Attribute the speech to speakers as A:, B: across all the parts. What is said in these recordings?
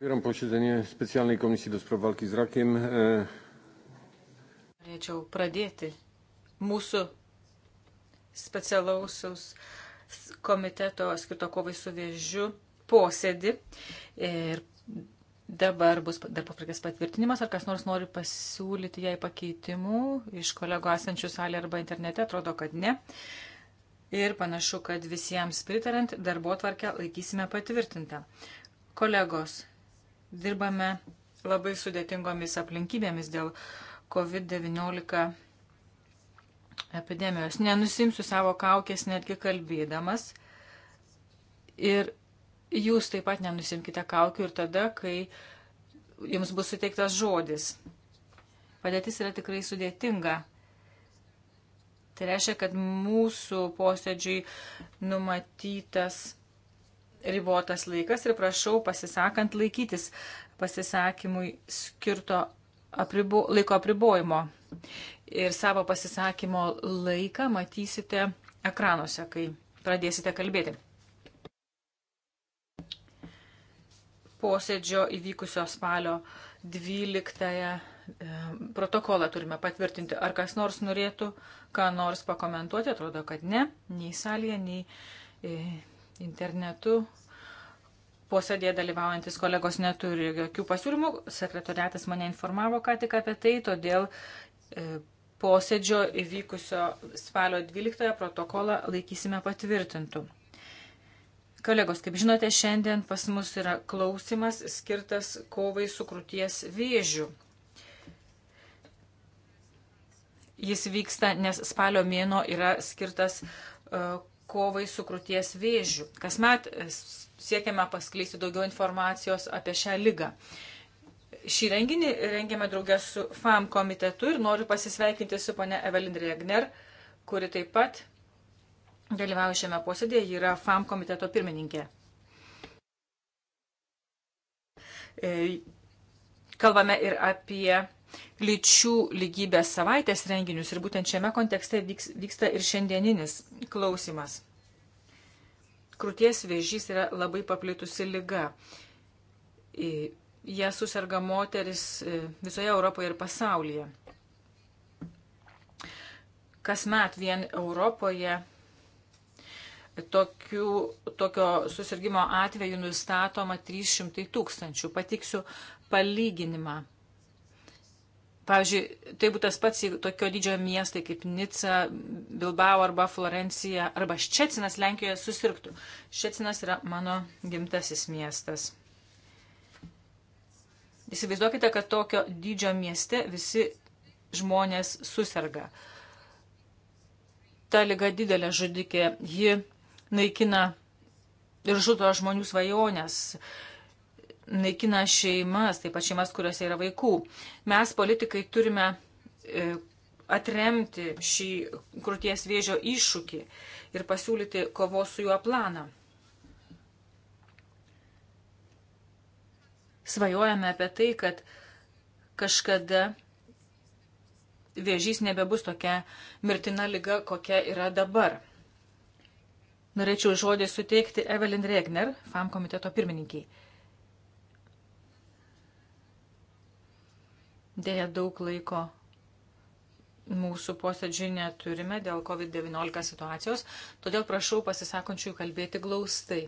A: Pirmą posėdienį specialiniai komisijos pravalkį Zrakim. E,
B: Norėčiau pradėti mūsų specialausiaus komiteto skirto kovai su vėžiu posėdį. Ir dabar bus dar paprikęs patvirtinimas, ar kas nors nori pasiūlyti jai pakeitimų iš kolego esančių salėje arba internete, atrodo, kad ne. Ir panašu, kad visiems pritarant darbo tvarkę laikysime patvirtintą. Kolegos, Dirbame labai sudėtingomis aplinkybėmis dėl COVID-19 epidemijos. Nenusimsiu savo kaukės netgi kalbėdamas. Ir jūs taip pat nenusimkite kaukių ir tada, kai jums bus suteiktas žodis. Padėtis yra tikrai sudėtinga. Tai reiškia, kad mūsų posėdžiui numatytas ribotas laikas ir prašau pasisakant laikytis pasisakymui skirto apribo, laiko apribojimo. Ir savo pasisakymo laiką matysite ekranuose, kai pradėsite kalbėti. Posėdžio įvykusio spalio 12 e, protokolą turime patvirtinti. Ar kas nors norėtų ką nors pakomentuoti? Atrodo, kad ne. Nei salėje, nei e, internetu. Posėdėje dalyvaujantis kolegos neturi jokių pasiūlymų. Sekretoriatas mane informavo ką tik apie tai, todėl e, posėdžio įvykusio spalio 12 protokolą laikysime patvirtintų. Kolegos, kaip žinote, šiandien pas mus yra klausimas skirtas kovai su krūties vėžiu. Jis vyksta, nes spalio mėno yra skirtas e, kovai su krūties vėžiu. Kasmet e, siekiame paskleisti daugiau informacijos apie šią lygą. Šį renginį rengiame draugės su FAM komitetu ir noriu pasisveikinti su pane Evelin Regner, kuri taip pat dalyvauja šiame posėdėje, ji yra FAM komiteto pirmininkė. E, kalbame ir apie lyčių lygybės savaitės renginius ir būtent šiame kontekste vyks, vyksta ir šiandieninis klausimas. Krūties vėžys yra labai paplitusi lyga. Jie susirga moteris e, visoje Europoje ir pasaulyje. Kasmet vien Europoje tokių, tokio susirgymo atveju nustatoma 300 tūkstančių. Patiksiu palyginimą Pavyzdžiui, tai būtų tas pats tokio didžiojo miestai kaip Nica, Bilbao arba Florencija arba Ščecinas Lenkijoje susirgtų. Ščecinas yra mano gimtasis miestas. Įsivaizduokite, kad tokio didžio mieste visi žmonės susirga. Ta lyga didelė žudikė, ji naikina ir žudo žmonių svajonės. Uh, naikina šeimas, taip pat šeimas, kuriuose yra vaikų. Mes, politikai, turime e, atremti šį krūties vėžio iššūkį ir pasiūlyti kovos su juo planą. Svajojame apie tai, kad kažkada vėžys nebebus tokia mirtina lyga, kokia yra dabar. Norėčiau žodį suteikti Evelyn Regner, FAM komiteto pirmininkiai. Dėja daug laiko mūsų posėdžiui neturime dėl COVID-19 situacijos, todėl prašau pasisakančių kalbėti glaustai.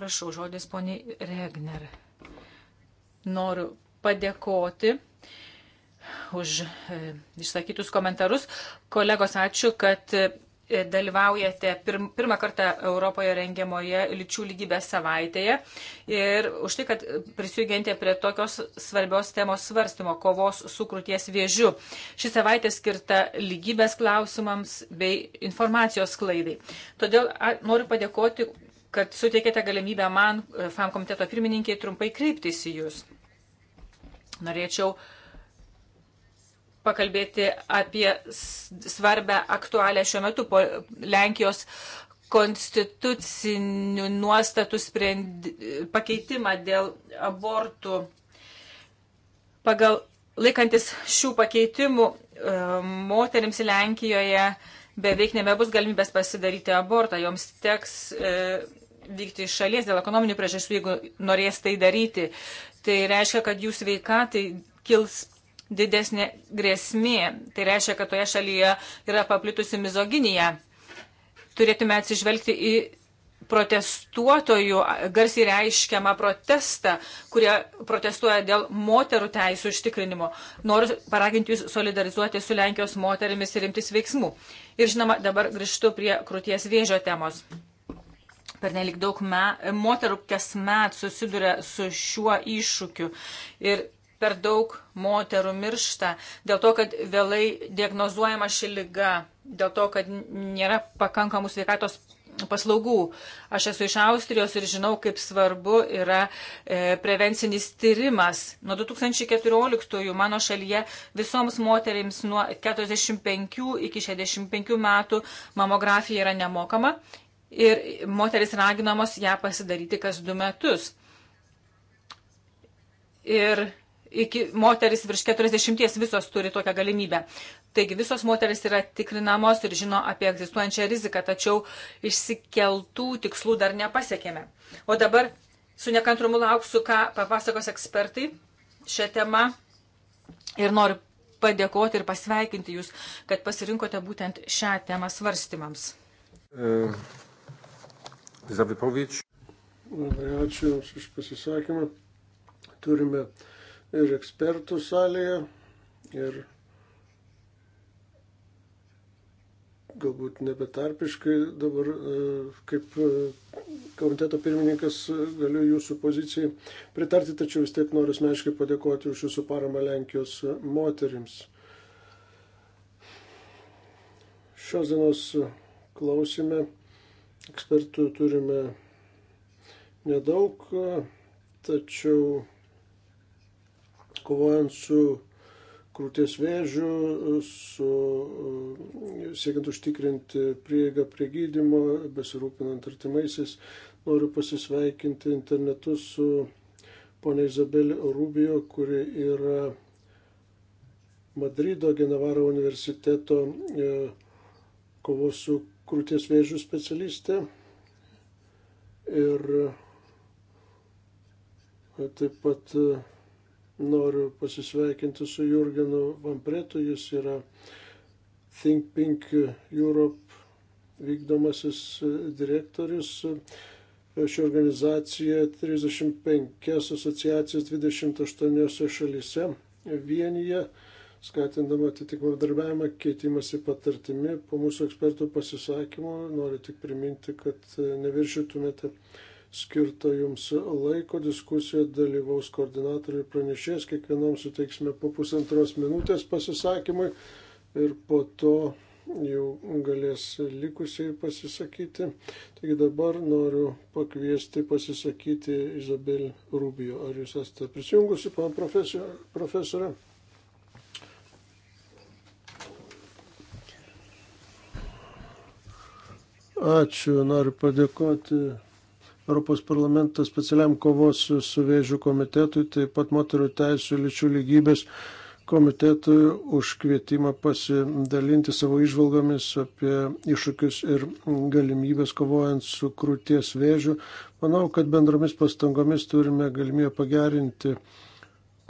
B: Prašau, žodis poniai Regner. Noriu padėkoti už e, išsakytus komentarus. Kolegos, ačiū, kad dalyvaujate pir, pirmą kartą Europoje rengiamoje lyčių lygybės savaitėje ir už tai, kad prisijungėte prie tokios svarbios temos svarstymo - kovos su krūties vėžiu. Ši savaitė skirta lygybės klausimams bei informacijos klaidai. Todėl noriu padėkoti, kad suteikėte galimybę man, e, FAM komiteto pirmininkiai, trumpai kreiptis į Jūs. Norėčiau uh, pakalbėti apie svarbę aktualią šiuo metu po Lenkijos konstitucinių nuostatų sprendi, pakeitimą dėl abortų. Pagal laikantis šių pakeitimų e, moteriams Lenkijoje beveik nebebus galimybės pasidaryti abortą, joms teks e, vykti iš šalies dėl ekonominių priežasčių, jeigu norės tai daryti. Tai reiškia, kad jų sveikatai kils didesnė grėsmė. Tai reiškia, kad toje šalyje yra paplitusi mizoginija. Turėtume atsižvelgti į protestuotojų garsiai reiškiamą protestą, kurie protestuoja dėl moterų teisų užtikrinimo. Noriu paraginti jūs solidarizuoti su Lenkijos moterimis ir imtis veiksmų. Ir žinoma, dabar grįžtu prie krūties vėžio temos. Per nelik daug me, moterų kasmet susiduria su šiuo iššūkiu. Ir per daug moterų miršta dėl to, kad vėlai diagnozuojama ši lyga, dėl to, kad nėra pakankamų sveikatos paslaugų. Aš esu iš Austrijos ir žinau, kaip svarbu yra e, prevencinis tyrimas. Nuo 2014 mano šalyje visoms moterims nuo 45 iki 65 metų mamografija yra nemokama ir moteris raginamos ją pasidaryti kas du metus. Ir iki moteris virš 40 visos turi tokią galimybę. Taigi visos moteris yra tikrinamos ir žino apie egzistuojančią riziką, tačiau išsikeltų tikslų dar nepasiekėme. O dabar su nekantrumu lauksiu, ką papasakos ekspertai šią temą ir noriu padėkoti ir pasveikinti jūs, kad pasirinkote būtent šią
C: temą svarstymams.
A: E, Zabipovič.
C: Labai ačiū Jums už pasisakymą. Turime ir ekspertų salėje. Ir galbūt nebetarpiškai dabar e, kaip e, komiteto pirmininkas e, galiu jūsų pozicijai pritarti, tačiau vis tiek noriu asmeniškai padėkoti už jūsų paramą Lenkijos moterims. Šios dienos klausime ekspertų turime nedaug, tačiau kovojant su krūties vėžiu, su, e, siekiant užtikrinti prieigą prie gydimo, besirūpinant artimaisiais. Noriu pasisveikinti internetu su ponia Izabelė Rubijo, kuri yra Madrido Genavaro universiteto e, kovos su krūties vėžių specialistė. Ir e, taip pat noriu pasisveikinti su Jurgenu Vampretu, jis yra Think Pink Europe vykdomasis e, direktorius. E, ši organizacija 35 asociacijas 28 šalyse vienyje, skatindama atitikmą darbiavimą, keitimąsi patartimi. Po mūsų ekspertų pasisakymų noriu tik priminti, kad e, neviršytumėte. Te skirto jums laiko. Diskusijoje dalyvaus koordinatorių ir pranešėjas. Kiekvienam suteiksime po pusantros minutės pasisakymui ir po to jau galės likusiai pasisakyti. Taigi dabar noriu pakviesti pasisakyti Izabel Rubio. Ar jūs esate prisijungusi, pana profesorė? Ačiū, noriu padėkoti Europos parlamento specialiam kovos su vėžiu komitetui, taip pat moterų teisų ir lyčių lygybės komitetui už kvietimą pasidalinti savo išvalgomis apie iššūkius ir galimybės kovojant su krūties vėžiu. Manau, kad bendromis pastangomis turime galimybę pagerinti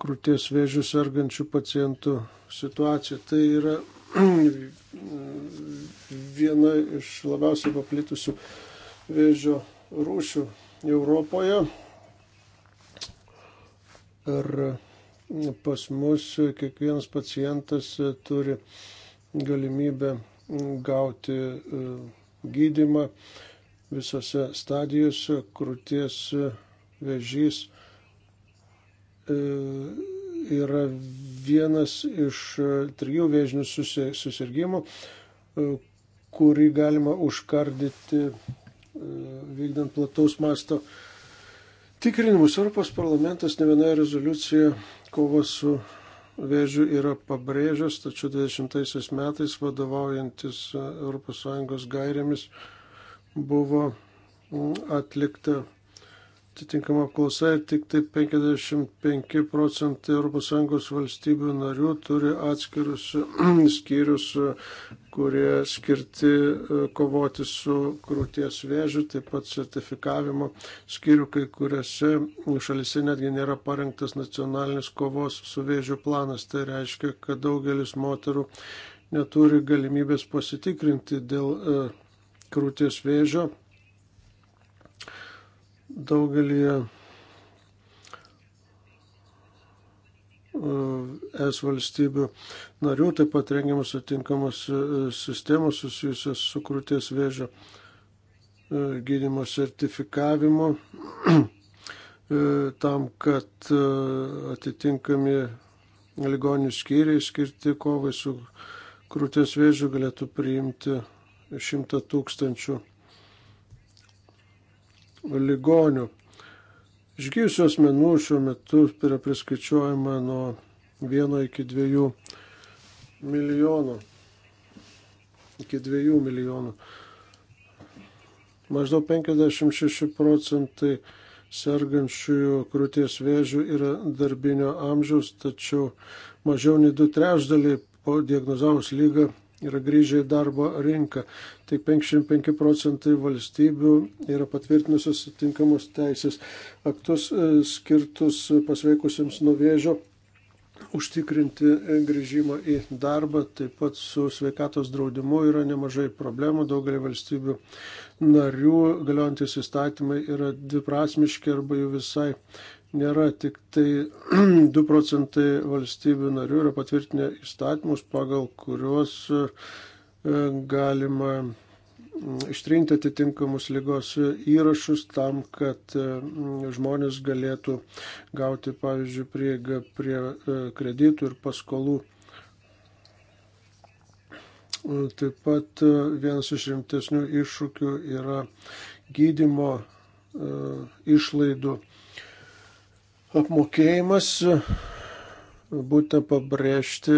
C: krūties vėžių sergančių pacientų situaciją. Tai yra viena iš labiausiai paplitusių vėžio rūšių Europoje. Ir pas mus kiekvienas pacientas turi galimybę gauti e, gydimą visose stadijose, krūties vėžys e, yra vienas iš trijų vėžinių susirgymų, e, kurį galima užkardyti E, vykdant plataus masto tikrinimus. Europos parlamentas ne vienoje rezoliucijoje kovo su vėžiu yra pabrėžęs, tačiau 20 metais vadovaujantis ES gairėmis buvo atlikta atitinkama apklausa ir tik tai 55 procentai ES valstybių narių turi atskirus skyrius, kurie skirti e, kovoti su krūties vėžiu, taip pat sertifikavimo skyrių, kai kuriuose šalise netgi nėra parengtas nacionalinis kovos su vėžiu planas. Tai reiškia, kad daugelis moterų neturi galimybės pasitikrinti dėl e, krūties vėžio Daugelį e, es valstybių narių taip pat rengiamas atinkamos e, sistemos susijusios su krūties vėžio e, gydimo sertifikavimu tam, kad atitinkami ligoninių skyriai skirti kovai su krūties vėžiu galėtų priimti šimtą tūkstančių ligonių. Išgyjusių asmenų šiuo metu yra priskaičiuojama nuo 1 iki 2 milijonų. Iki 2 milijonų. Maždaug 56 procentai sergančiųjų krūties vėžių yra darbinio amžiaus, tačiau mažiau nei du trešdaliai po diagnozavus lygą yra grįžę į darbo rinką. Tik 55 procentai valstybių yra patvirtinusios atitinkamus teisės aktus e, skirtus pasveikusiems nuo vėžio užtikrinti e, grįžimą į darbą. Taip pat su sveikatos draudimu yra nemažai problemų. Daugelį valstybių narių galiojantis įstatymai yra dviprasmiški arba jų visai nėra tik tai 2 procentai valstybių narių yra patvirtinę įstatymus, pagal kuriuos e, galima ištrinti atitinkamus lygos įrašus tam, kad e, žmonės galėtų gauti, pavyzdžiui, prieigą prie e, kreditų ir paskolų. Taip pat vienas iš rimtesnių iššūkių yra gydimo išlaidų uh, apmokėjimas. Būtent pabrėžti,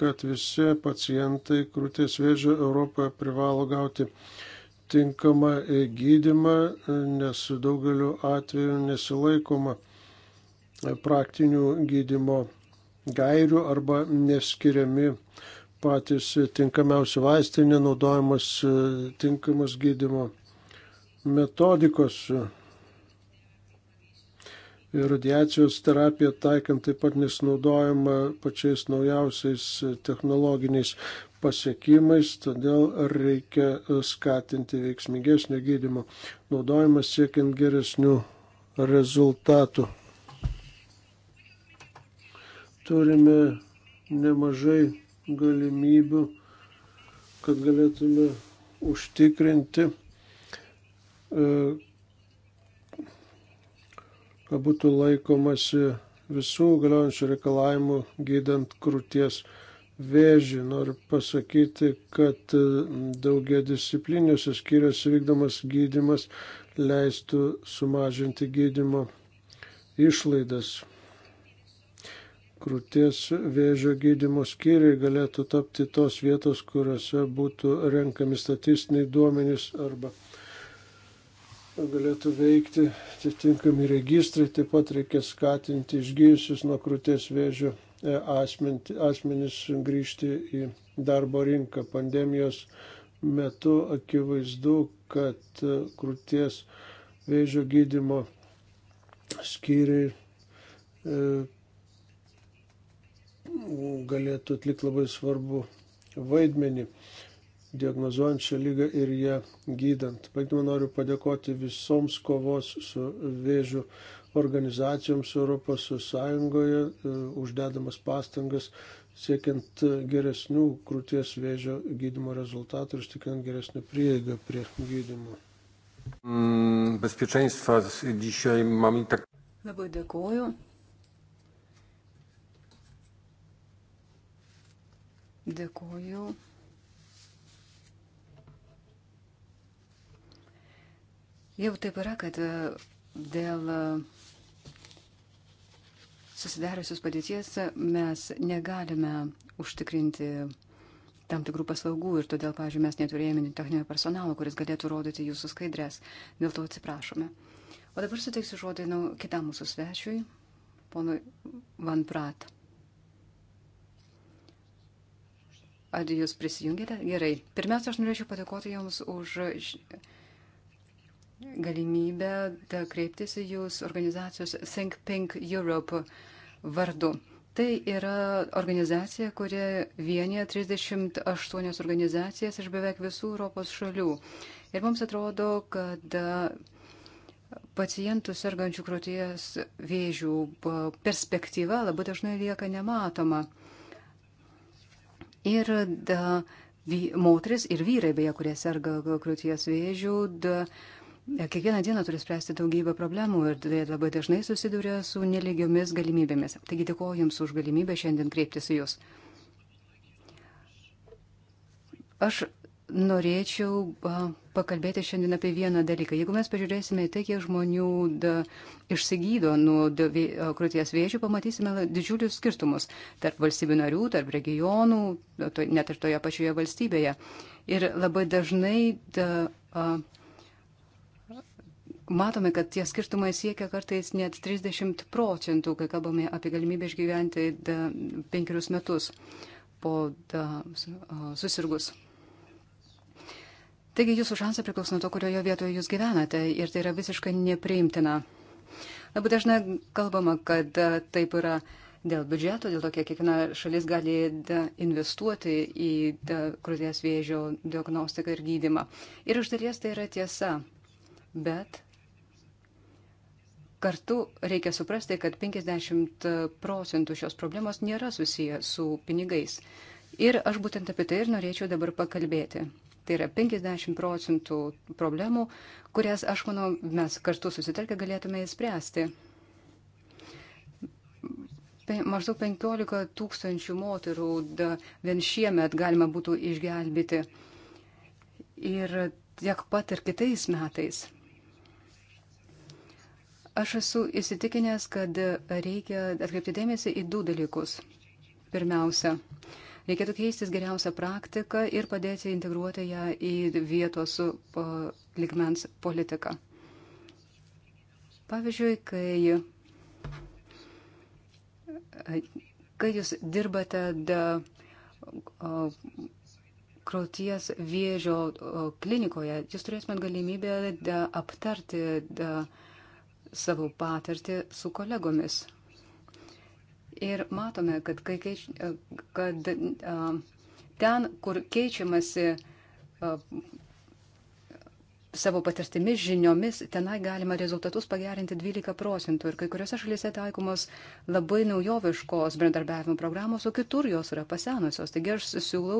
C: kad visi pacientai krūties vėžio Europoje privalo gauti tinkamą gydimą, nes daugeliu atveju nesilaikoma praktinių gydimo gairių arba neskiriami patys tinkamiausi vaistai, nenaudojamas tinkamas gydimo metodikos ir radiacijos terapija taikant taip pat nesinaudojama pačiais naujausiais technologiniais pasiekimais, todėl reikia skatinti veiksmingesnio gydimo naudojimą siekiant geresnių rezultatų. Turime nemažai galimybių, kad galėtume užtikrinti, e, būtų laikomasi visų galiojančių reikalavimų gydant krūties vėžį. Noriu pasakyti, kad e, daugia discipliniuose skyriuose vykdomas gydimas leistų sumažinti gydimo išlaidas. Krūties vėžio gydimo skyriai galėtų tapti tos vietos, kuriuose būtų renkami statistiniai duomenys arba galėtų veikti atitinkami registrai, taip pat reikia skatinti išgyjusius nuo krūties vėžio e, asmenys grįžti į darbo rinką. Pandemijos metu akivaizdu, kad e, krūties vėžio gydimo skyriai e, galėtų atlikti labai svarbu vaidmenį diagnozuojant šią lygą ir ją gydant. Baigdama noriu padėkoti visoms kovos su vėžiu organizacijoms Europos Sąjungoje, e, uždedamas pastangas siekiant geresnių krūties vėžio gydimo rezultatų ir stikiant geresnį prieigą prie gydimo.
A: Mm, bezpieczeństwa dzisiaj mamy tak.
D: Labai dėkoju. Dėkoju. Jau taip yra, kad e, dėl e, susidariusios padėties mes negalime užtikrinti tam tikrų paslaugų ir todėl, pavyzdžiui, mes neturėjome techninio personalo, kuris galėtų rodyti jūsų skaidrės. Dėl to atsiprašome. O dabar suteiksiu žodį nu, kitam mūsų svečiui, ponui Van Prat. Ar jūs prisijungėte? Gerai. Pirmiausia, aš norėčiau padėkoti Jums už galimybę kreiptis į jūs organizacijos Think Pink Europe vardu. Tai yra organizacija, kuri vienyje 38 organizacijas iš beveik visų Europos šalių. Ir mums atrodo, kad pacientų sergančių krūties vėžių perspektyva labai dažnai lieka nematoma. Ir da, vy, moteris ir vyrai, beje, kurie serga krūties vėžių, da, uh, E, kiekvieną dieną turi spręsti daugybę problemų ir labai dažnai susiduria su nelygiomis galimybėmis. Taigi dėkoju Jums už galimybę šiandien kreiptis į Jūs. Aš norėčiau pakalbėti šiandien apie vieną dalyką. Jeigu mes pažiūrėsime į tai, kiek žmonių da, išsigydo nuo da, vė, krūties vėžių, pamatysime didžiulius skirtumus tarp valstybių narių, tarp regionų, to, net ir toje pačioje valstybėje. Ir labai dažnai da, a, matome, kad tie skirtumai siekia kartais net 30 procentų, kai kalbame apie galimybę išgyventi penkerius metus po da, susirgus. Taigi jūsų šansai priklauso nuo to, kurioje vietoje jūs gyvenate ir tai yra visiškai nepriimtina. Labai dažnai kalbama, kad taip yra dėl biudžeto, dėl to, kiek kiekviena šalis gali investuoti į krūties vėžio diagnostiką ir gydimą. Ir iš dalies tai yra tiesa. Bet Kartu reikia suprasti, kad 50 procentų šios problemos nėra susiję su pinigais. Ir aš būtent apie tai ir norėčiau dabar pakalbėti. Tai yra 50 procentų problemų, kurias, aš manau, mes kartu susitelkę galėtume įspręsti. Maždaug 15 tūkstančių moterų da, vien šiemet galima būtų išgelbėti. Ir tiek pat ir kitais metais. Aš esu įsitikinęs, kad reikia atkreipti dėmesį į du dalykus. Pirmiausia, reikėtų keistis geriausią praktiką ir padėti integruoti ją į vietos ligmens politiką. Pavyzdžiui, kai, kai jūs dirbate da, o, krauties vėžio klinikoje, jūs turėsite galimybę da, aptarti da, uh, savo patirtį su kolegomis. Ir matome, kad, kai keič, kad ten, kur keičiamasi savo patirtimis, žiniomis, tenai galima rezultatus pagerinti 12 procentų. Ir kai kuriuose šalyse taikomos labai naujoviškos bendarbiavimo programos, o kitur jos yra pasenusios. Taigi aš siūlau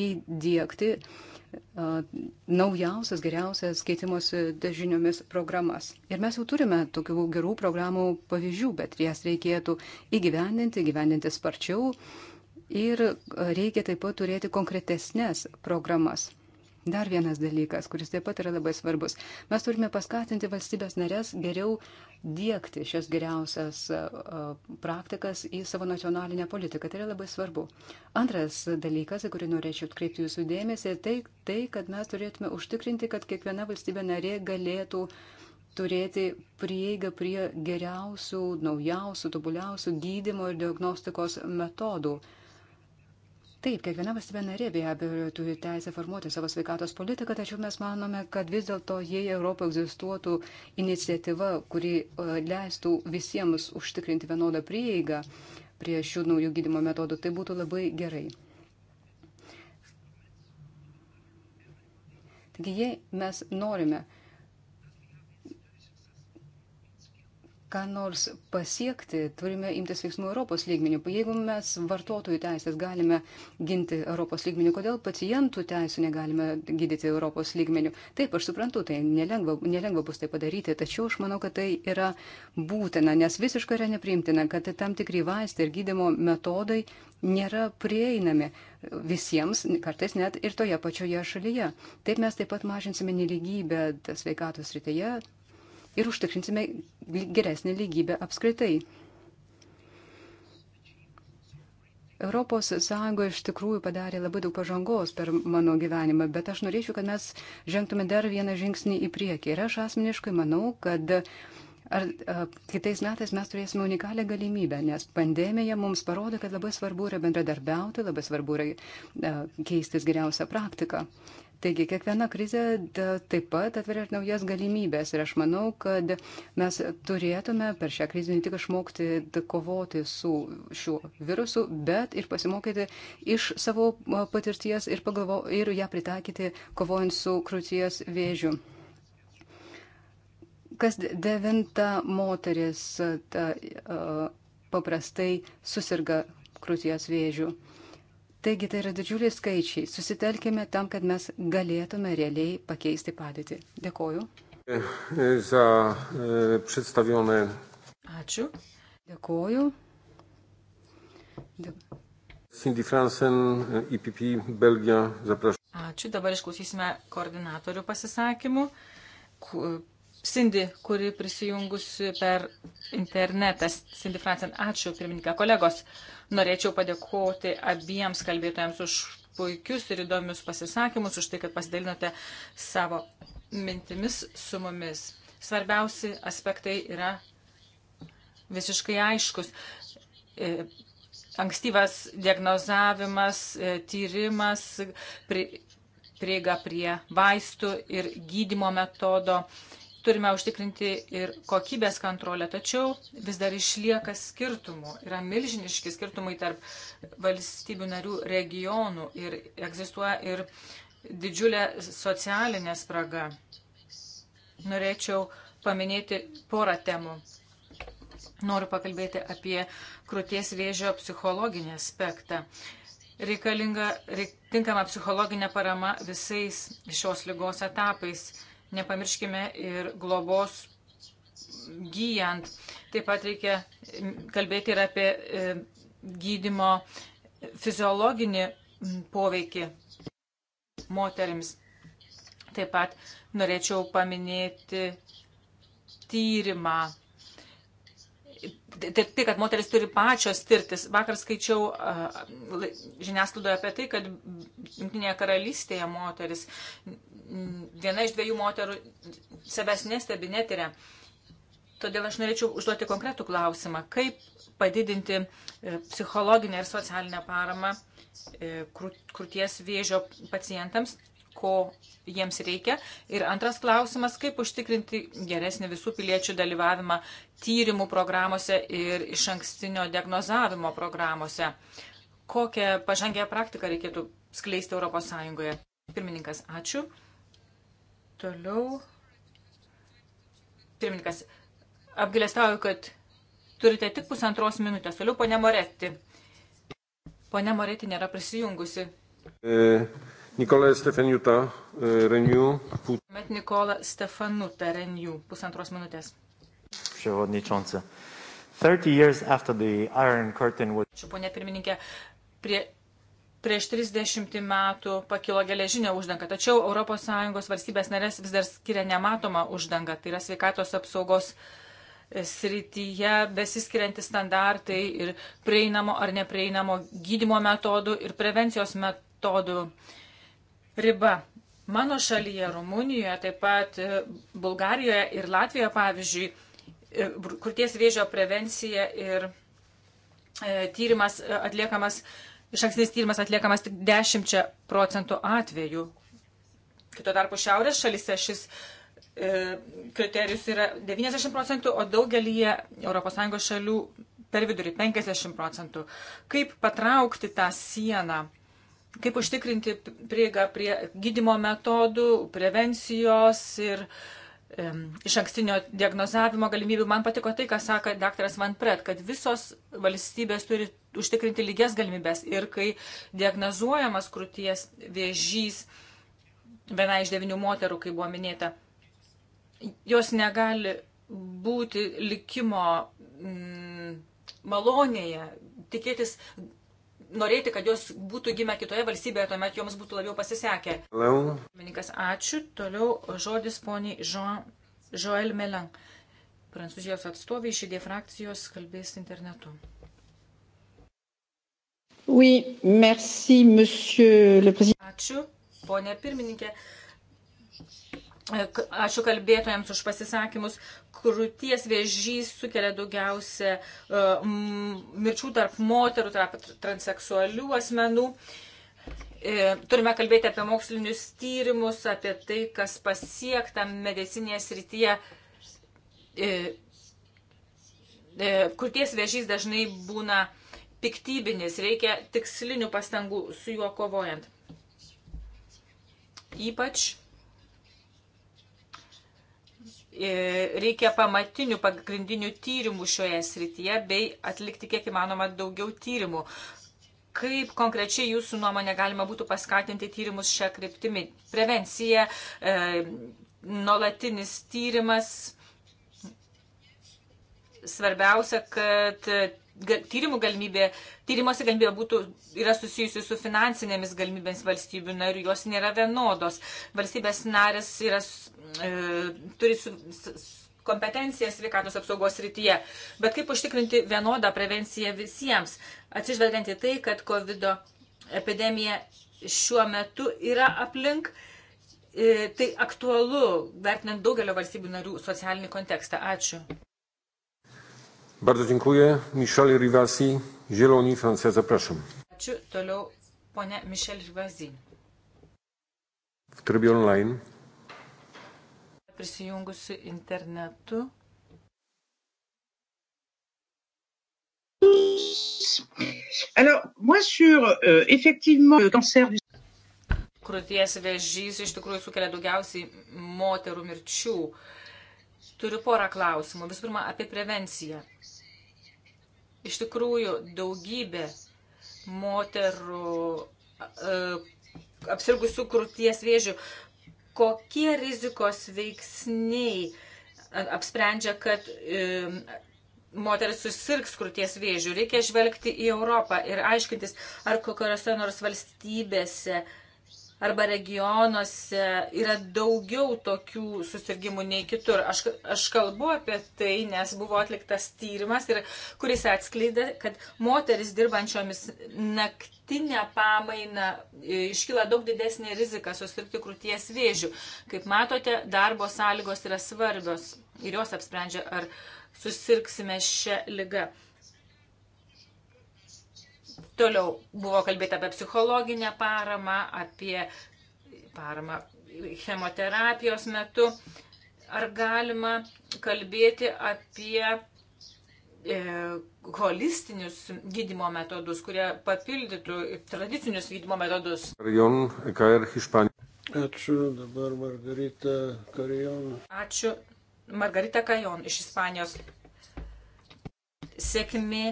D: įdėkti uh, naujausias, geriausias keitimosi žiniomis programas. Ir mes jau turime tokių gerų programų pavyzdžių, bet jas reikėtų įgyvendinti, įgyvendinti sparčiau. Ir reikia taip pat turėti konkretesnės programas. Dar vienas dalykas, kuris taip pat yra labai svarbus. Mes turime paskatinti valstybės narės geriau dėkti šias geriausias praktikas į savo nacionalinę politiką. Tai yra labai svarbu. Antras dalykas, į kurį norėčiau atkreipti jūsų dėmesį, tai tai, kad mes turėtume užtikrinti, kad kiekviena valstybė narė galėtų turėti prieigą prie geriausių, naujausių, tobuliausių gydimo ir diagnostikos metodų. Uh, Taip, kiekviena valstybė narė be abejo turi teisę formuoti savo sveikatos politiką, tačiau mes manome, kad vis dėlto jei Europoje egzistuotų iniciatyva, kuri e, leistų visiems užtikrinti vienodą prieigą prie šių naujų gydimo metodų, tai būtų labai gerai. Taigi, jei mes norime, ką nors pasiekti, turime imtis veiksmų Europos lygmenių. Jeigu mes vartotojų teisės galime ginti Europos lygmenių, kodėl pacientų teisų negalime gydyti Europos lygmenių? Taip, aš suprantu, tai nelengva, nelengva bus tai padaryti, tačiau aš manau, kad tai yra būtina, nes visiškai yra nepriimtina, kad tam tikri vaistai ir gydimo metodai nėra prieinami visiems, kartais net ir toje pačioje šalyje. Taip mes taip pat mažinsime neligybę sveikatos rytyje, ir užtikrinsime geresnį lygybę apskritai. Europos Sąjunga iš tikrųjų padarė labai daug pažangos per mano gyvenimą, bet aš norėčiau, kad mes žengtume dar vieną žingsnį į priekį. Ir aš asmeniškai manau, kad Ar a, kitais metais mes turėsime unikalią galimybę, nes pandemija mums parodo, kad labai svarbu yra bendradarbiauti, labai svarbu yra a, keistis geriausią praktiką. Taigi kiekviena krizė da, taip pat atveria ir naujas galimybės ir aš manau, kad mes turėtume per šią krizę ne tik išmokti da, kovoti su šiuo virusu, bet ir pasimokyti iš savo patirties ir, pagalvo, ir ją pritaikyti kovojant su krūties vėžiu kas devinta moteris ta, paprastai susirga krūties vėžių. Taigi tai yra didžiuliai skaičiai. Susitelkime tam, kad mes galėtume realiai pakeisti padėtį. Dėkoju.
A: Za e, pristatyone.
D: Ačiū. Dėkoju. Dėkoju.
A: Cindy Fransen, IPP, e Belgija, zaprašau.
B: Ačiū. Dabar išklausysime koordinatorių pasisakymų Cindy, kuri prisijungusi per internetą. Cindy Francen, ačiū, pirmininkė. Kolegos, norėčiau padėkoti abiems kalbėtojams už puikius ir įdomius pasisakymus, už tai, kad pasidalinote savo mintimis su mumis. Svarbiausi aspektai yra visiškai aiškus. E, ankstyvas diagnozavimas, e, tyrimas, prieiga prie vaistų ir gydimo metodo turime užtikrinti ir kokybės kontrolę, tačiau vis dar išlieka skirtumų. Yra milžiniški skirtumai tarp valstybių narių regionų ir egzistuoja ir didžiulė socialinė spraga. Norėčiau paminėti porą temų. Noriu pakalbėti apie krūties vėžio psichologinį aspektą. Reikalinga reik, tinkama psichologinė parama visais šios lygos etapais Nepamirškime ir globos gyjant. Taip pat reikia kalbėti ir apie e, gydimo fiziologinį poveikį moterims. Taip pat norėčiau paminėti tyrimą. Tai, tai, kad moteris turi pačios tirtis. Vakar skaičiau žiniasklaidoje apie tai, kad Junktinėje karalystėje moteris viena iš dviejų moterų savęs nestebi, netiria. Todėl aš norėčiau užduoti konkretų klausimą, kaip padidinti e, psichologinę ir socialinę paramą e, krūties vėžio pacientams, ko jiems reikia. Ir antras klausimas, kaip užtikrinti geresnį visų piliečių dalyvavimą tyrimų programuose ir iš ankstinio diagnozavimo programuose. Kokią pažangę praktiką reikėtų skleisti ES? Pirmininkas, ačiū. Toliau. Pirmininkas, apgailestauju, kad turite tik pusantros minutės. Toliau ponia Moretti. Ponia Moretti nėra prisijungusi.
A: E, Nikola e, Stefanuta e, Renew.
B: Met Nikola Stefanuta Renew. Pusantros minutės.
A: Przewodniczący. 30 years after the Iron Curtain was... Ačiū,
B: ponia pirmininkė. Prie prieš 30 metų pakilo geležinė uždanga, tačiau ES valstybės narės vis dar skiria nematomą uždangą, tai yra sveikatos apsaugos e, srityje besiskirianti standartai ir prieinamo ar neprieinamo gydimo metodų ir prevencijos metodų riba. Mano šalyje, Rumunijoje, taip pat e, Bulgarijoje ir Latvijoje, pavyzdžiui, e, krūties vėžio prevencija ir tyrimas atliekamas iš ankstinis tyrimas atliekamas tik 10 procentų atvejų. Kito tarpu šiaurės šalise šis e, kriterijus yra 90 procentų, o daugelį ES šalių per vidurį 50 procentų. Kaip patraukti tą sieną? Kaip užtikrinti prieigą prie gydimo metodų, prevencijos ir uh, iš ankstinio diagnozavimo galimybių. Man patiko tai, ką sako daktaras Van Pret, kad visos valstybės turi užtikrinti lygias galimybės. Ir kai diagnozuojamas krūties vėžys, viena iš devinių moterų, kai buvo minėta, jos negali būti likimo malonėje, tikėtis norėti, kad jos būtų gimę kitoje valstybėje, tuomet joms būtų labiau pasisekę.
A: Pirmininkas,
B: ačiū. Toliau žodis poniai Jean, Joel Melan. Prancūzijos atstovai iš idėjų frakcijos kalbės internetu. Oui, merci, monsieur le président. Ačiū, ponė pirmininkė. Ačiū kalbėtojams už pasisakymus krūties vėžys sukelia daugiausia uh, mirčių tarp moterų, tarp transeksualių asmenų. E, turime kalbėti apie mokslinius tyrimus, apie tai, kas pasiekta medicinėje srityje. E, e, krūties vėžys dažnai būna piktybinis, reikia tikslinių pastangų su juo kovojant. Ypač E, reikia pamatinių pagrindinių tyrimų šioje srityje bei atlikti kiek įmanoma daugiau tyrimų. Kaip konkrečiai jūsų nuomonė galima būtų paskatinti tyrimus šią kryptimį? Prevencija, e, nuolatinis tyrimas. Svarbiausia, kad tyrimų galimybė, tyrimuose galimybė būtų, yra susijusi su finansinėmis galimybėmis valstybių narių, jos nėra vienodos. Valstybės narės yra, e, turi su, kompetenciją sveikatos apsaugos rytyje, bet kaip užtikrinti vienodą prevenciją visiems, atsižvelgiant į tai, kad COVID epidemija šiuo metu yra aplink. E, tai aktualu, vertinant daugelio valstybių narių socialinį kontekstą. Ačiū.
A: Bardzo dziękuję. Michel Rivasi, Zieloni, Francja, zapraszam.
B: Ačiū. Toliau ponia Michel Rivasi.
A: W trybie online.
B: Prisijungusi internetu.
A: Alors, moi,
D: sur euh, effectivement le cancer du.
B: Krūties vėžys iš tikrųjų sukelia daugiausiai moterų mirčių. Uh, Turiu porą klausimų. Visų pirma, apie prevenciją. Iš tikrųjų, daugybė moterų e, apsirgusių krūties vėžių. Kokie rizikos veiksniai e, apsprendžia, kad e, moteris susirgs krūties vėžių? Reikia žvelgti į Europą ir aiškintis, ar kokiose nors valstybėse uh, arba regionuose yra daugiau tokių susirgymų nei kitur. Aš, aš kalbu apie tai, nes buvo atliktas tyrimas, ir, kuris atskleidė, kad moteris dirbančiomis naktinę pamainą e, iškyla daug didesnė rizika susirgti krūties vėžių. Kaip matote, darbo sąlygos yra svarbios ir jos apsprendžia, ar susirgsime šią ligą. Toliau buvo kalbėta apie psichologinę paramą, apie paramą chemoterapijos metu. Ar galima kalbėti apie e, holistinius gydimo metodus, kurie papildytų tradicinius gydimo metodus?
C: Ačiū dabar Margarita Karijon.
B: Ačiū Margarita Kajon iš Ispanijos. Sėkmė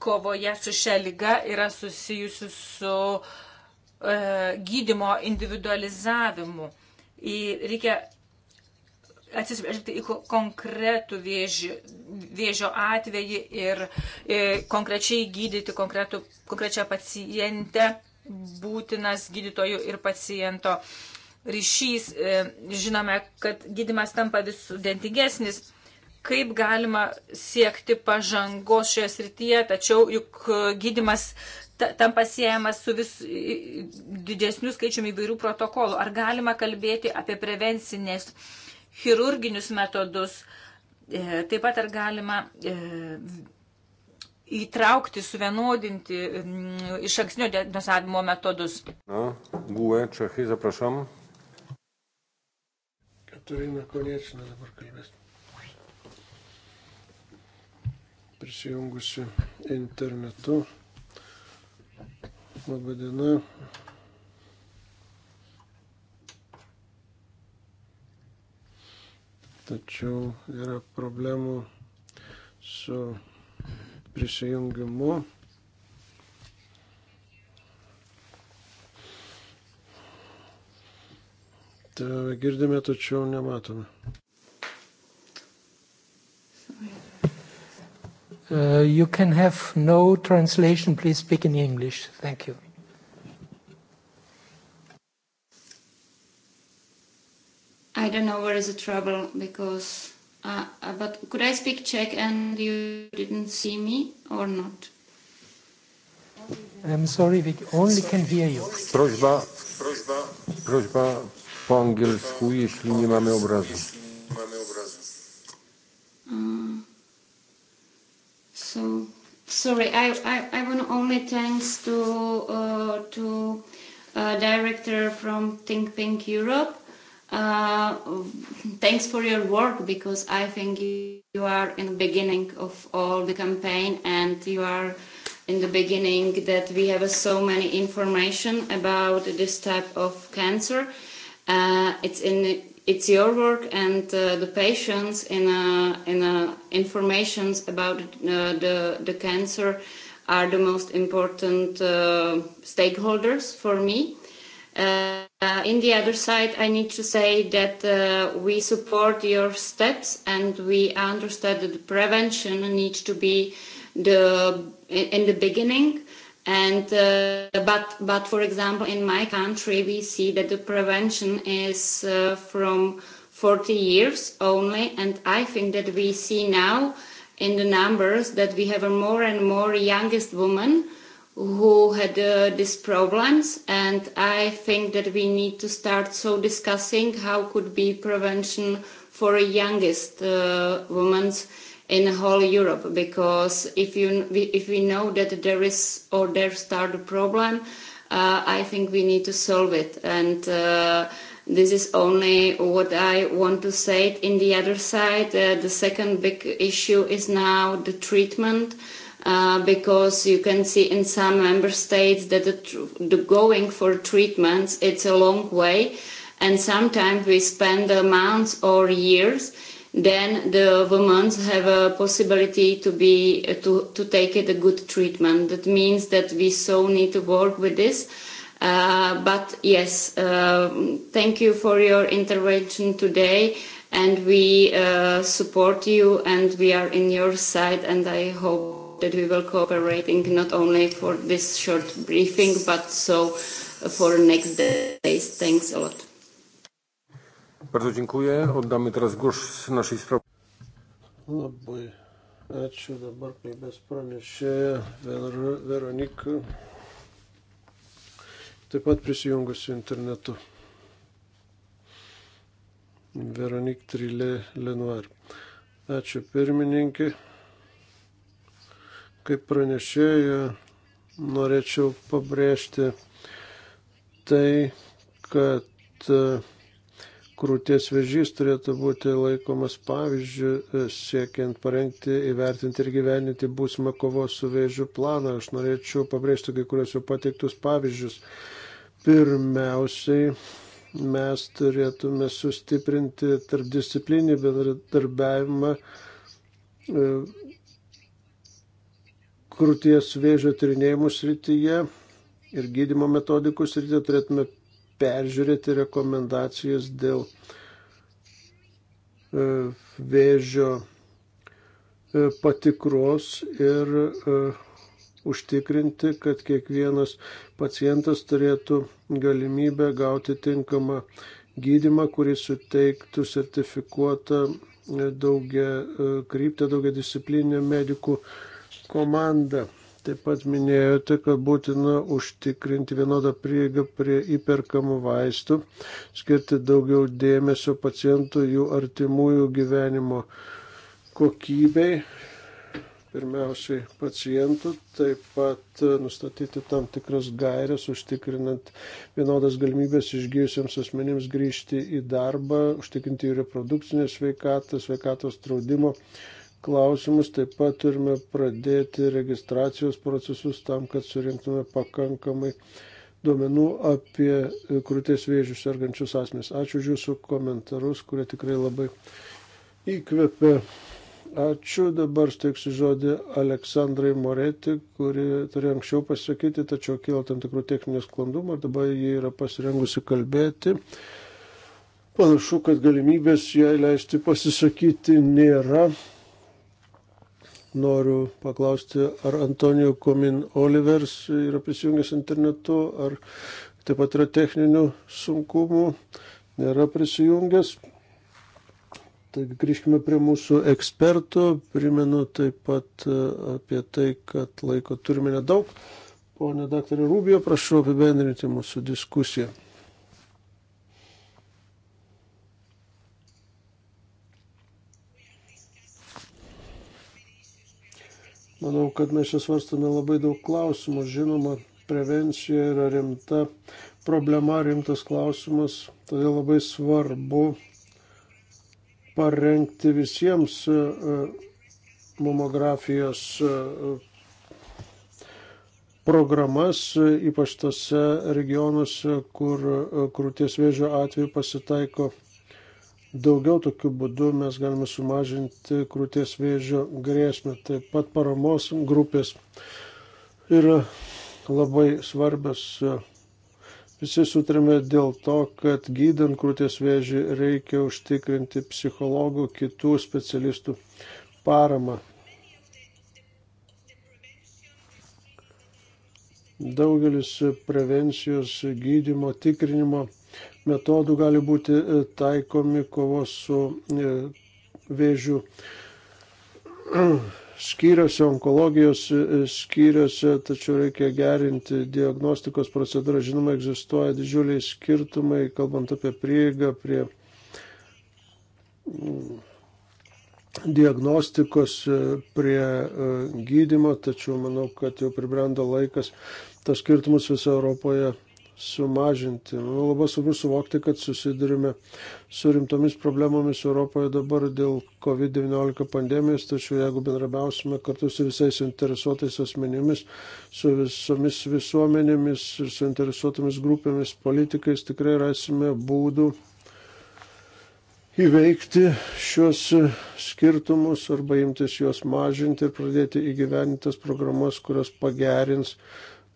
B: kovoje su šia lyga yra susijusi su e, gydimo individualizavimu. Į, reikia atsižvelgti į konkretų vėžį, vėžio atvejį ir, ir e, konkrečiai gydyti konkretų, konkrečią pacientę, būtinas gydytojų ir paciento ryšys. E, žinome, kad gydimas tampa vis sudėtingesnis kaip galima siekti pažangos šioje srityje, tačiau juk e, gydimas tam pasiejamas su vis didesniu skaičiumi įvairių protokolų. Ar galima kalbėti apie prevencinės chirurginius metodus? E, taip pat ar galima e, įtraukti, suvienodinti iš anksnio diagnozavimo metodus?
A: Na, guė, čehi, zaprašom.
C: Katarina Konečina dabar kalbės. prisijungusi internetu. Labadiena. Tačiau yra problemų su prisijungimu. Tave girdime, tačiau nematome.
A: Uh, you can have no translation. Please speak in English. Thank you.
E: I don't know where is the trouble because, uh, uh, but could I speak Czech and you didn't see me or not?
A: I'm sorry, we only can hear you. Prośba, prośba, prośba po angielsku, jeśli nie mamy obrazu.
E: So sorry, I, I, I want only thanks to uh, to uh, director from Think Pink Europe. Uh, thanks for your work because I think you, you are in the beginning of all the campaign and you are in the beginning that we have uh, so many information about this type of cancer. Uh, it's in it's your work and uh, the patients in uh, in uh, informations about uh, the the cancer are the most important uh, stakeholders for me. Uh, uh, in the other side, I need to say that uh, we support your steps and we understand that the prevention needs to be the in the beginning uh, And uh, but but for example, in my country, we see that the prevention is uh, from 40 years only, and I think that we see now in the numbers that we have a more and more youngest women who had uh, these problems, and I think that we need to start so discussing how could be prevention for youngest uh, women's. Uh, in whole Europe because if you if we know that there is or there start a problem, uh, I think we need to solve it. And uh, this is only what I want to say. In the other side, uh, the second big issue is now the treatment. Uh, because you can see in some member states that the, tr- the going for treatments it's a long way and sometimes we spend uh, months or years uh, then the women have a possibility to be to, to take it a good treatment. That means that we so need to work with this. Uh, but yes, uh, thank you for your intervention today, and we uh, support you, and we are in your side, and I hope that we will cooperating not only for this short briefing, but so for next days. Thanks a lot.
A: Bardzo dziękuję. Oddamy teraz głos naszej sprawie. Labai
C: ačiū dabar kalbės pranešėja Ver Veronika, taip pat prisijungusi internetu. Veronik Trilė Lenoir. Ačiū pirmininkai. Kaip pranešėja norėčiau pabrėžti tai, kad uh, krūties vežys turėtų būti laikomas pavyzdžių e, siekiant parengti, įvertinti ir gyveninti būsimą kovos su vėžiu planą. Aš norėčiau pabrėžti kai kurios jau pateiktus pavyzdžius. Pirmiausiai mes turėtume sustiprinti tarpdisciplinį bendradarbiavimą e, krūties vėžio tyrinėjimų srityje ir gydimo metodikų srityje turėtume peržiūrėti rekomendacijas dėl e, vėžio e, patikros ir e, užtikrinti, kad kiekvienas pacientas turėtų galimybę gauti tinkamą gydimą, kuris suteiktų sertifikuotą daugia kryptę, daugia disciplininę medikų komandą. Taip pat minėjote, kad būtina užtikrinti vienodą prieigą prie įperkamų vaistų, skirti daugiau dėmesio pacientų, jų artimųjų gyvenimo kokybei, pirmiausiai pacientų, taip pat e, nustatyti tam tikras gairias, užtikrinant vienodas galimybės išgyjusiems asmenims grįžti į darbą, užtikrinti jų reprodukcinę sveikatą, sveikatos draudimo. Sveikatos klausimus, taip pat turime pradėti registracijos procesus tam, kad surinktume pakankamai duomenų apie krūties vėžių sergančius asmenys. Ačiū už Jūsų komentarus, kurie tikrai labai įkvėpė. Ačiū, dabar steiksiu žodį Aleksandrai Moreti, kuri turėjo anksčiau pasakyti, tačiau kilo tam tikrų techninių sklandumų ir dabar jie yra pasirengusi kalbėti. Panašu, kad galimybės jai leisti pasisakyti nėra. Noriu paklausti, ar Antonijų Komin Olivers yra prisijungęs internetu, ar taip pat yra techninių sunkumų, nėra prisijungęs. Taigi grįžkime prie mūsų ekspertų. Primenu taip pat e, apie tai, kad laiko turime nedaug. Pone daktarė Rubio, prašau apibendrinti mūsų diskusiją. Manau, kad mes čia svarstame labai daug klausimų. Žinoma, prevencija yra rimta problema, rimtas klausimas. Todėl labai svarbu parengti visiems e, e, mamografijos e, programas, ypač tose regionuose, kur krūties vėžio atveju pasitaiko daugiau tokiu būdu mes galime sumažinti krūties vėžio grėsmę. Taip pat paramos grupės yra labai svarbios. Visi sutrėme dėl to, kad gydant krūties vėžį reikia užtikrinti psichologų, kitų specialistų paramą. Daugelis prevencijos, gydimo, tikrinimo metodų gali būti e, taikomi kovos su e, vėžiu skyriuose, onkologijos e, skyriuose, tačiau reikia gerinti diagnostikos procedūrą. Žinoma, egzistuoja didžiuliai skirtumai, kalbant apie prieigą prie mm, diagnostikos, prie gydimo, tačiau manau, kad jau pribrendo laikas tas skirtumus visoje Europoje sumažinti. Nu, labai svarbu suvokti, kad susidurime su rimtomis problemomis Europoje dabar dėl COVID-19 pandemijos, tačiau jeigu bendrabiausime kartu su visais interesuotais asmenimis, su visomis visuomenėmis ir su interesuotomis grupėmis, politikais, tikrai rasime būdų įveikti šios skirtumus arba imtis juos mažinti ir pradėti įgyvenintas programas, kurios pagerins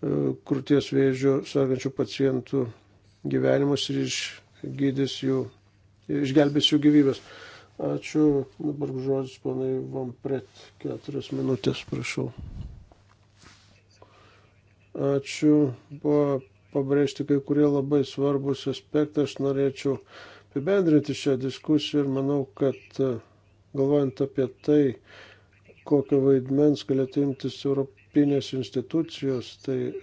C: E, krūties vėžių sergančių pacientų gyvenimus ir išgydys jų, išgelbės jų gyvybės. Ačiū. Dabar žodis panai Vampret. Keturias minutės, prašau. Ačiū. Buvo pabrėžti kai kurie labai svarbus aspektai. Aš norėčiau apibendrinti šią diskusiją ir manau, kad galvojant apie tai, kokio vaidmens galėtų imtis Europos europinės institucijos, tai e,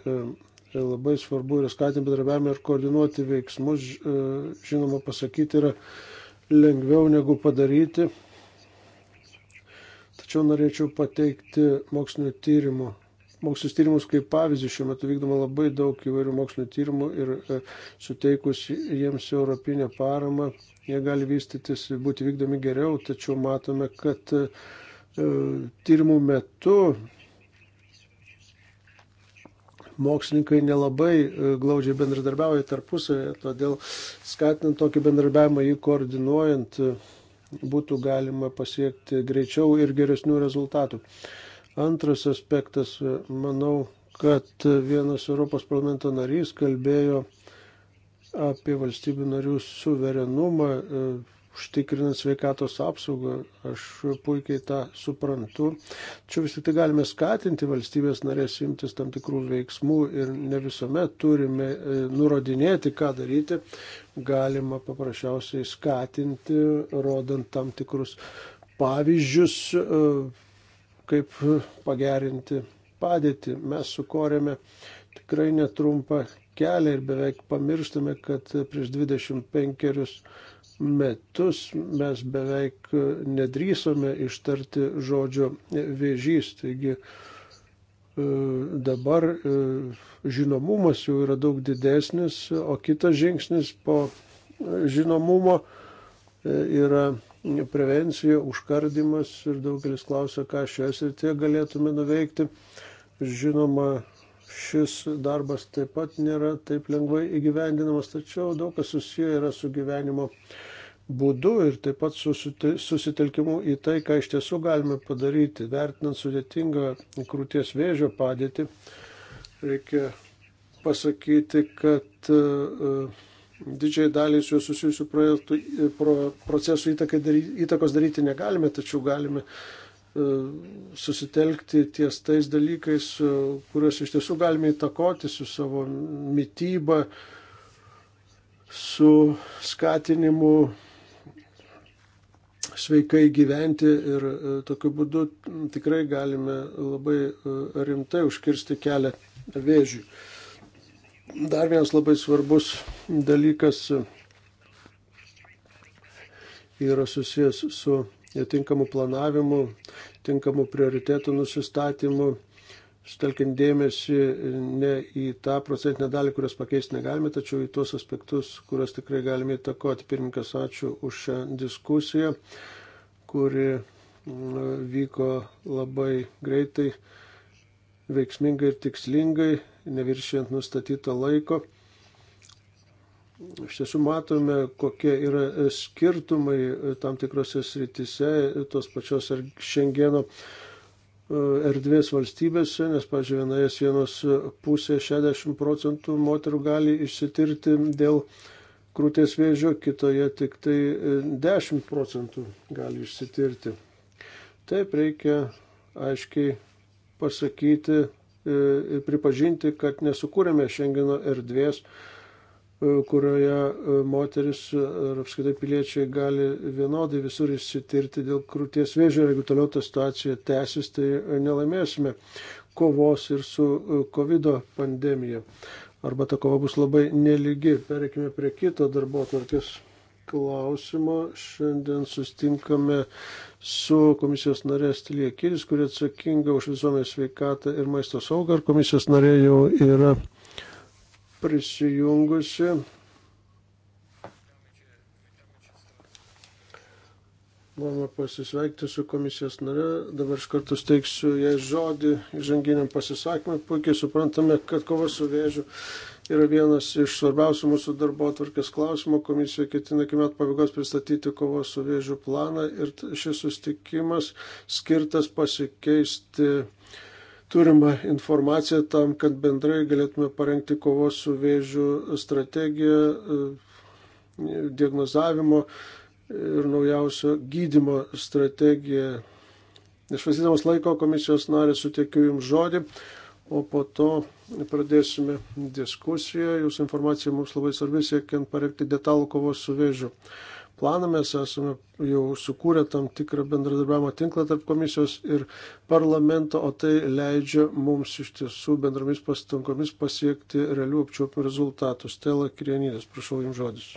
C: e, labai svarbu yra skatinti bendrabiavimą ir koordinuoti veiksmus, e, žinoma, pasakyti yra lengviau negu padaryti. Tačiau norėčiau pateikti mokslinio tyrimo. Mokslinis tyrimus kaip pavyzdį šiuo metu vykdoma labai daug įvairių mokslinio tyrimų ir e, suteikus jiems europinę paramą, jie gali vystytis, būti vykdomi geriau, tačiau matome, kad e, tyrimų metu mokslininkai nelabai e, glaudžiai bendradarbiauja tarpusavėje, todėl skatinant tokį bendradarbiavimą jį koordinuojant e, būtų galima pasiekti greičiau ir geresnių rezultatų. Antras aspektas, e, manau, kad vienas Europos parlamento narys kalbėjo apie valstybių narių suverenumą užtikrinant sveikatos apsaugą. Aš puikiai tą suprantu. Čia vis tik tai galime skatinti valstybės narės imtis tam tikrų veiksmų ir ne visuomet turime e, nurodinėti, ką daryti. Galima paprasčiausiai skatinti, rodant tam tikrus pavyzdžius, e, kaip pagerinti padėtį. Mes sukorėme tikrai netrumpą kelią ir beveik pamirštame, kad prieš 25 metus mes beveik nedrįsome ištarti žodžio vėžys. Taigi e, dabar e, žinomumas jau yra daug didesnis, o kitas žingsnis po e, žinomumo yra prevencija, užkardimas ir daugelis klausia, ką šioje srityje galėtume nuveikti. Žinoma, šis darbas taip pat nėra taip lengvai įgyvendinamas, tačiau daug kas susiję yra su gyvenimo uh, būdu ir taip pat susitelkimu į tai, ką iš tiesų galime padaryti, vertinant sudėtingą krūties vėžio padėtį, reikia pasakyti, kad e, didžiai daliai su juo susijusių projektų, e, pro, procesų įtakai, įtakos daryti negalime, tačiau galime e, susitelkti ties tais dalykais, kuriuos iš tiesų galime įtakoti su savo mytyba, su skatinimu sveikai gyventi ir e, tokiu būdu tikrai galime labai e, rimtai užkirsti kelią vėžiui. Dar vienas labai svarbus dalykas e, yra susijęs su tinkamu planavimu, tinkamu prioritetų nusistatymu sutelkiant dėmesį ne į tą procentinę dalį, kurios pakeisti negalime, tačiau į tuos aspektus, kuriuos tikrai galime įtakoti. Pirmininkas, ačiū už šią diskusiją, kuri mm, vyko labai greitai, veiksmingai ir tikslingai, neviršijant nustatytą laiko. Iš tiesų matome, kokie yra skirtumai tam tikrose sritise tos pačios ar šiandieno erdvės valstybėse, nes, pažiūrėjau, vienoje sienos pusėje 60 procentų moterų gali išsitirti dėl krūties vėžio, kitoje tik tai 10 e, procentų gali išsitirti. Taip reikia aiškiai pasakyti e, ir pripažinti, kad nesukūrėme Šengino erdvės kurioje e, moteris e, ar apskaitai piliečiai gali vienodai visur išsitirti dėl krūties vėžio. Jeigu toliau ta situacija tęsis, tai nelaimėsime kovos ir su e, COVID pandemija. Arba ta kova bus labai neligi. Pereikime prie kito darbo atvarkės klausimo. Šiandien sustinkame su komisijos narė Stiliekiris, kuri atsakinga už visuomenės sveikatą ir maisto saugą. Ar komisijos narė jau yra prisijungusi. Buvome pasisveikti su komisijos nare, dabar iš karto steiksiu jai žodį įžanginiam pasisakymui. Puikiai suprantame, kad kova su vėžiu yra vienas iš svarbiausių mūsų darbo atvarkės klausimų. Komisija ketina iki metų pabaigos pristatyti kovos su vėžiu planą ir šis sustikimas skirtas pasikeisti turimą informaciją tam, kad bendrai galėtume parengti kovos su vėžiu strategiją, e, diagnozavimo ir naujausio gydimo strategiją. Nešvastydamas laiko komisijos narė suteikiu Jums žodį, o po to pradėsime diskusiją. Jūsų informacija mums labai svarbi, siekiant parengti detalų kovos su vėžiu planą, mes esame jau sukūrę tam tikrą bendradarbiavimo tinklą tarp komisijos ir parlamento, o tai leidžia mums iš tiesų bendromis pastangomis pasiekti realių apčiuopimų rezultatų. Stela Kirienydės, prašau jums žodis.